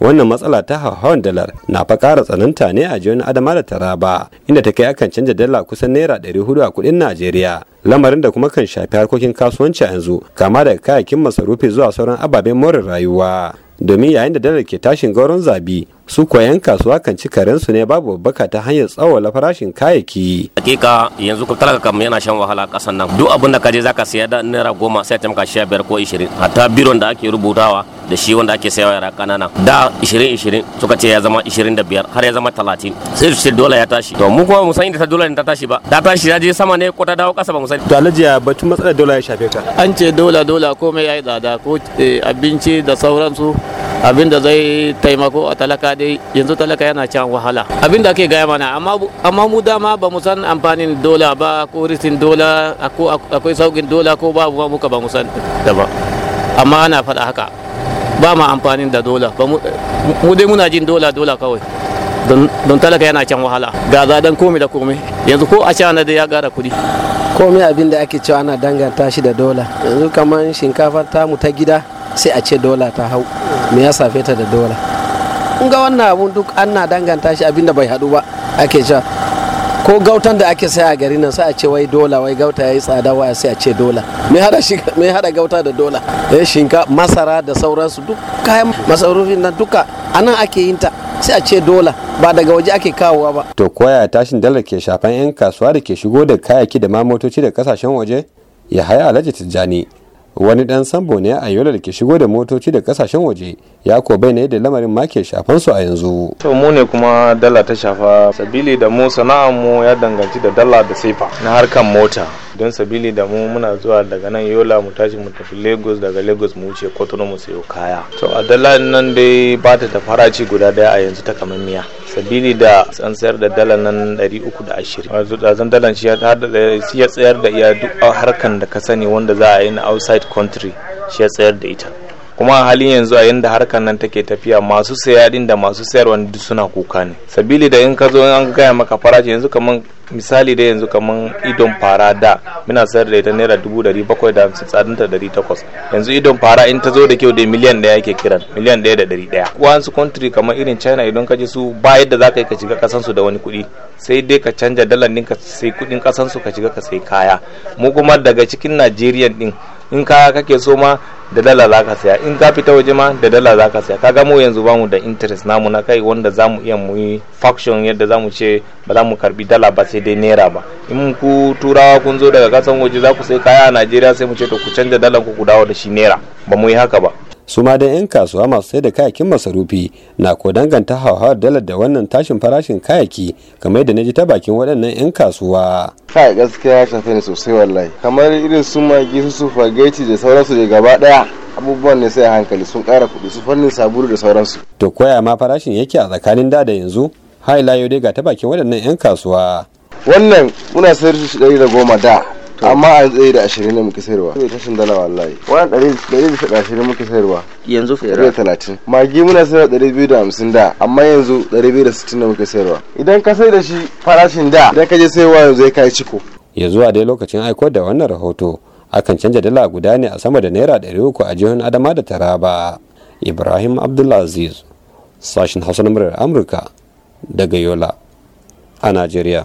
wannan matsala ta hauhawar dalar na fa ƙara tsananta ne a jiyoyin adama da taraba inda ta kai akan canja dala kusan naira ɗari hudu a kuɗin najeriya lamarin da kuma kan shafi harkokin kasuwanci a yanzu kama daga kayayyakin masarufi zuwa sauran ababen more rayuwa domin yayin da dalar ke tashin gauron zabi su koyan kasuwa kan ci karensu ne babu babbaka ta hanyar tsawala farashin kayayyaki. Hakika yanzu ku talaka kam yana shan wahala kasan nan. Duk abin da ka je zaka siya da naira goma sai ta maka sha biyar ko ishirin. Hatta biron da ake rubutawa da shi wanda ake sayawa yara kanana da 20-20 suka ce ya zama 25 har ya zama 30 sai su ce dola ya tashi to mu kuma mu san inda ta dola ta tashi ba ta tashi ya je sama ne ko ta dawo kasa ba mu sani to alhaji ya batun matsalar dola ya shafe ka an ce dola dola komai yayi tsada ko eh, abinci da sauransu abinda zai taimako a talaka dai yanzu talaka yana can wahala abinda ake gaya mana amma mu dama ba mu san amfanin dola ba ko risin dola akwai saukin dola ko babu ma muka ba mu san da ba amma ana faɗa haka ba ma amfanin da dola mu dai muna jin dola dola kawai don talaka yana can wahala ga zaɗan komai da komai yanzu ko a cana da ya gara kuɗi komai abin da ake cewa ana danganta shi da dola yanzu kamar shinkafa tamu ta gida sai a ce dola ta hau me ya safe ta da dola in ga wannan abun duk ana danganta shi abinda bai haɗu ba ake cewa ko gautan da ake saya a gari nan sai a ce wai dola wai gauta yayi tsada wai sai a ce dola me hada shi me hada gauta da dola eh shinka masara da sauransu duk kayan masarufin nan duka anan ake yin ta sai a ce dola ba daga waje ake kawowa ba to koya tashin dalar ke shafan yan kasuwa da ke shigo da kayaki da ma motoci da kasashen waje ya haya alhaji tijjani wani dan sambo ne a yola da ke shigo da motoci da kasashen waje ya ko bai ne da lamarin ma ke shafan su a yanzu to mu ne kuma dala ta shafa sabili da mu sana'ar mu ya danganci da dala da sefa na harkan mota don sabili da mu muna zuwa daga nan yola mu tashi mu tafi lagos daga lagos mu wuce kotono mu sayo kaya to a dala nan dai ba ta da faraci guda daya a yanzu ta kamar miya sabili da san sayar da dala nan 320 wato dazan dalan shi ya tsayar da iya duk harkan da ka sani wanda za a yi na outside country shi ya tsayar da ita kuma a halin yanzu a yadda harkar nan take tafiya masu saya din da masu sayarwa duk suna kuka ne sabili da in ka zo an gaya maka farashi yanzu kamar misali da yanzu kamar idon fara da muna sayar da ita naira dubu dari bakwai da hamsin tsarin ta dari takwas yanzu idon fara in ta zo da kyau da miliyan ɗaya ke kiran miliyan ɗaya da dari ɗaya wasu country kamar irin china idan ka ji su ba yadda za ka yi ka shiga kasansu su da wani kuɗi sai dai ka canja dalar ɗin ka sai kuɗin kasan su ka shiga ka sai kaya mu kuma daga cikin najeriya ɗin in kaya kake so ma da dala za ka saya in ka fita waje ma da dala za ka saya ka gamo yanzu ba mu da interest namu na kai wanda za mu iya muyi faction yadda za mu ce ba za mu karbi dala ba sai dai naira ba in ku turawa kun zo daga kasan waje za ku sai kaya a najeriya sai mu ce to ku canja dalan ku ku dawo da shi naira ba mu yi haka ba su ma dai 'yan kasuwa masu sai da kayakin masarufi na ko danganta hauhawar dalar da wannan tashin farashin kayaki kamar da na ji ta bakin waɗannan 'yan kasuwa. kai gaskiya ya shafe ni sosai wallahi kamar irin su magi su sufageti da sauransu da gaba ɗaya abubuwan ne sai hankali sun ƙara kuɗi su fannin sabulu da sauransu. to koya ma farashin yake a tsakanin da da yanzu hai dai ga ta bakin waɗannan 'yan kasuwa. wannan muna sayar da shi ɗari da goma da amma a tsaye da ashirin ne muka sayarwa zai tashin dala wallahi wani ɗari ɗari bisa da ashirin muka sayarwa yanzu da talatin magi muna sayarwa ɗari biyu da hamsin da amma yanzu ɗari biyu da sittin da muka sayarwa idan ka sai da shi farashin da idan ka je sayarwa yanzu ya kai ciko ya zuwa dai lokacin aiko da wannan rahoto akan canja dala guda ne a sama da naira ɗari uku a jihun adama da taraba ibrahim abdulaziz sashin hausa na murar amurka daga yola a najeriya